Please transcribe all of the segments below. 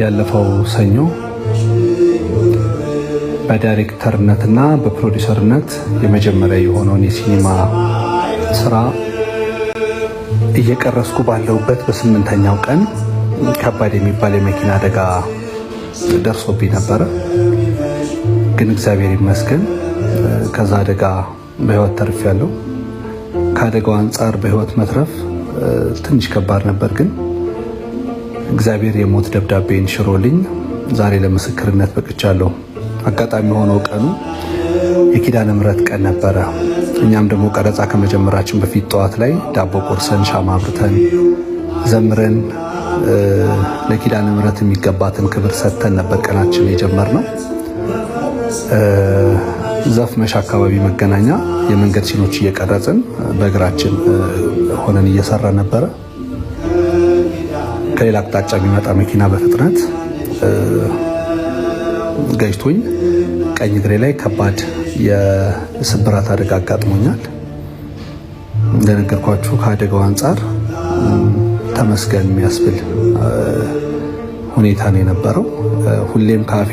ያለፈው ሰኞ በዳይሬክተርነትና በፕሮዲሰርነት የመጀመሪያ የሆነውን የሲኒማ ስራ እየቀረስኩ ባለሁበት በስምንተኛው ቀን ከባድ የሚባል የመኪና አደጋ ደርሶብኝ ነበረ። ግን እግዚአብሔር ይመስገን ከዛ አደጋ በህይወት ተርፌያለሁ። ከአደጋው አንጻር በህይወት መትረፍ ትንሽ ከባድ ነበር ግን እግዚአብሔር የሞት ደብዳቤን ሽሮልኝ ዛሬ ለምስክርነት በቅቻለሁ። አጋጣሚ የሆነው ቀኑ የኪዳነ ምሕረት ቀን ነበረ። እኛም ደግሞ ቀረጻ ከመጀመራችን በፊት ጠዋት ላይ ዳቦ ቆርሰን ሻማ አብርተን ዘምረን ለኪዳነ ምሕረት የሚገባትን ክብር ሰጥተን ነበር ቀናችን የጀመርነው። ዘፍ መሻ አካባቢ መገናኛ የመንገድ ሲኖች እየቀረጽን በእግራችን ሆነን እየሰራ ነበረ። ከሌላ አቅጣጫ የሚመጣ መኪና በፍጥነት ገጭቶኝ ቀኝ እግሬ ላይ ከባድ የስብራት አደጋ አጋጥሞኛል። እንደነገርኳችሁ ከአደጋው አንጻር ተመስገን የሚያስብል ሁኔታ ነው የነበረው። ሁሌም ካፌ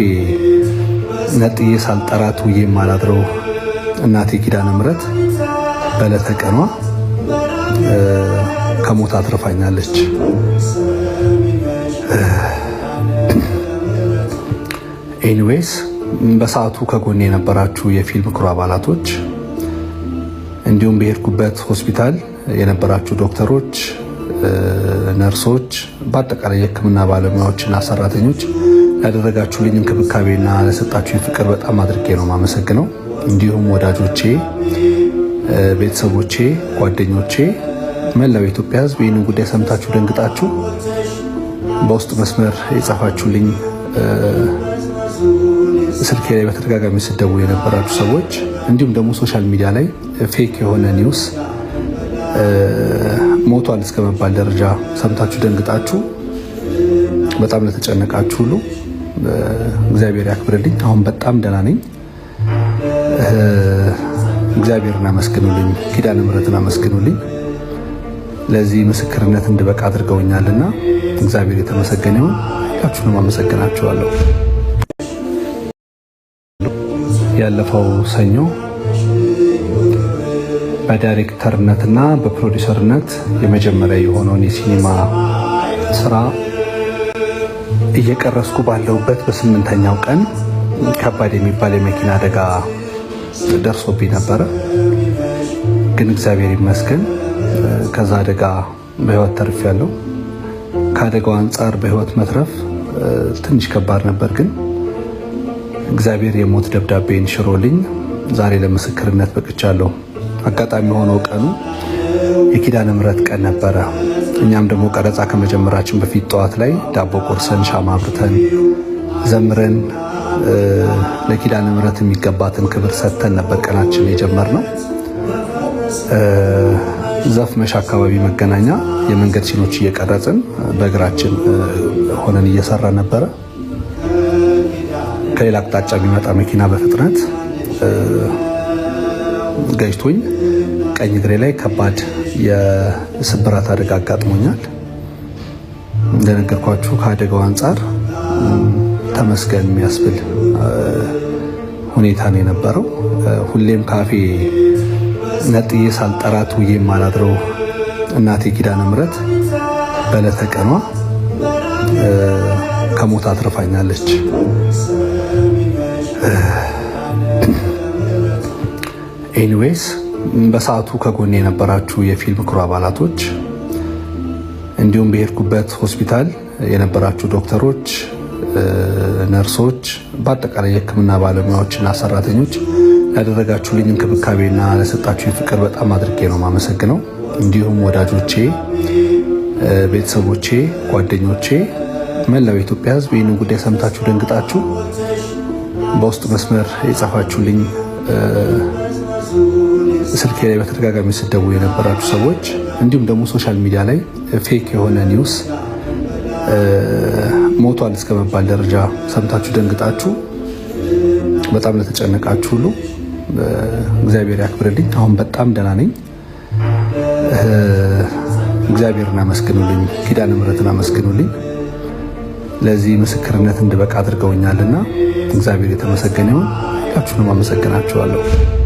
ነጥዬ ሳልጠራት ውዬ ማላድረው እናቴ ኪዳነ ምሕረት በለተቀኗ ከሞት አትርፋኛለች። ኤኒዌይስ በሰዓቱ ከጎኔ የነበራችሁ የፊልም ክሩ አባላቶች እንዲሁም በሄድኩበት ሆስፒታል የነበራችሁ ዶክተሮች፣ ነርሶች፣ በአጠቃላይ የሕክምና ባለሙያዎችና ሰራተኞች ያደረጋችሁልኝ እንክብካቤና ለሰጣችሁ ፍቅር በጣም አድርጌ ነው የማመሰግነው። እንዲሁም ወዳጆቼ፣ ቤተሰቦቼ፣ ጓደኞቼ መላው የኢትዮጵያ ሕዝብ ይህንን ጉዳይ ሰምታችሁ ደንግጣችሁ በውስጥ መስመር የጻፋችሁልኝ ስልኬ ላይ በተደጋጋሚ ስደቡ የነበራችሁ ሰዎች እንዲሁም ደግሞ ሶሻል ሚዲያ ላይ ፌክ የሆነ ኒውስ ሞቷል እስከመባል ደረጃ ሰምታችሁ ደንግጣችሁ በጣም ለተጨነቃችሁ ሁሉ እግዚአብሔር ያክብርልኝ። አሁን በጣም ደህና ነኝ። እግዚአብሔርን አመስግኑልኝ፣ ኪዳነ ምሕረትን አመስግኑልኝ። ለዚህ ምስክርነት እንድበቃ አድርገውኛልና እግዚአብሔር የተመሰገነ ይሁን። ሁላችሁንም አመሰግናችኋለሁ። ያለፈው ሰኞ በዳይሬክተርነትና በፕሮዲሰርነት የመጀመሪያ የሆነውን የሲኒማ ስራ እየቀረስኩ ባለሁበት በስምንተኛው ቀን ከባድ የሚባል የመኪና አደጋ ደርሶብኝ ነበረ። ግን እግዚአብሔር ይመስገን ከዛ አደጋ በህይወት ተርፍ ያለው ከአደጋው አንጻር በህይወት መትረፍ ትንሽ ከባድ ነበር፣ ግን እግዚአብሔር የሞት ደብዳቤን ሽሮልኝ ዛሬ ለምስክርነት በቅቻለሁ። አጋጣሚ የሆነው ቀኑ የኪዳነ ምሕረት ቀን ነበረ። እኛም ደግሞ ቀረጻ ከመጀመራችን በፊት ጠዋት ላይ ዳቦ ቆርሰን ሻማ አብርተን ዘምረን ለኪዳነ ምሕረት የሚገባትን ክብር ሰጥተን ነበር ቀናችን የጀመርነው። ዛፍ መሻ አካባቢ መገናኛ የመንገድ ሲኖች እየቀረጽን በእግራችን ሆነን እየሰራ ነበረ። ከሌላ አቅጣጫ የሚመጣ መኪና በፍጥነት ገጭቶኝ ቀኝ እግሬ ላይ ከባድ የስብራት አደጋ አጋጥሞኛል። እንደነገርኳችሁ ከአደጋው አንጻር ተመስገን የሚያስብል ሁኔታ ነው የነበረው። ሁሌም ካፌ ነጥዬ ሳልጠራት ውዬ ማላድረው እናቴ ኪዳነ ምሕረት በዕለተ ቀኗ ከሞት አትርፋኛለች። ኤኒዌይስ በሰዓቱ ከጎን የነበራችሁ የፊልም ክሩ አባላቶች እንዲሁም በሄድኩበት ሆስፒታል የነበራችሁ ዶክተሮች፣ ነርሶች፣ በአጠቃላይ የሕክምና ባለሙያዎችና ሰራተኞች ያደረጋችሁልኝ እንክብካቤና ለሰጣችሁኝ ፍቅር በጣም አድርጌ ነው የማመሰግነው። እንዲሁም ወዳጆቼ፣ ቤተሰቦቼ፣ ጓደኞቼ፣ መላው የኢትዮጵያ ሕዝብ ይህንን ጉዳይ ሰምታችሁ ደንግጣችሁ በውስጥ መስመር የጻፋችሁልኝ ስልኬ ላይ በተደጋጋሚ ስደቡ የነበራችሁ ሰዎች እንዲሁም ደግሞ ሶሻል ሚዲያ ላይ ፌክ የሆነ ኒውስ ሞቷል እስከመባል ደረጃ ሰምታችሁ ደንግጣችሁ በጣም ለተጨነቃችሁ ሁሉ እግዚአብሔር ያክብርልኝ። አሁን በጣም ደህና ነኝ። እግዚአብሔርን አመስግኑልኝ፣ ኪዳነ ምሕረትን አመስግኑልኝ። ለዚህ ምስክርነት እንድበቃ አድርገውኛልና እግዚአብሔር የተመሰገነ ይሁን። ሁላችሁንም አመሰግናችኋለሁ።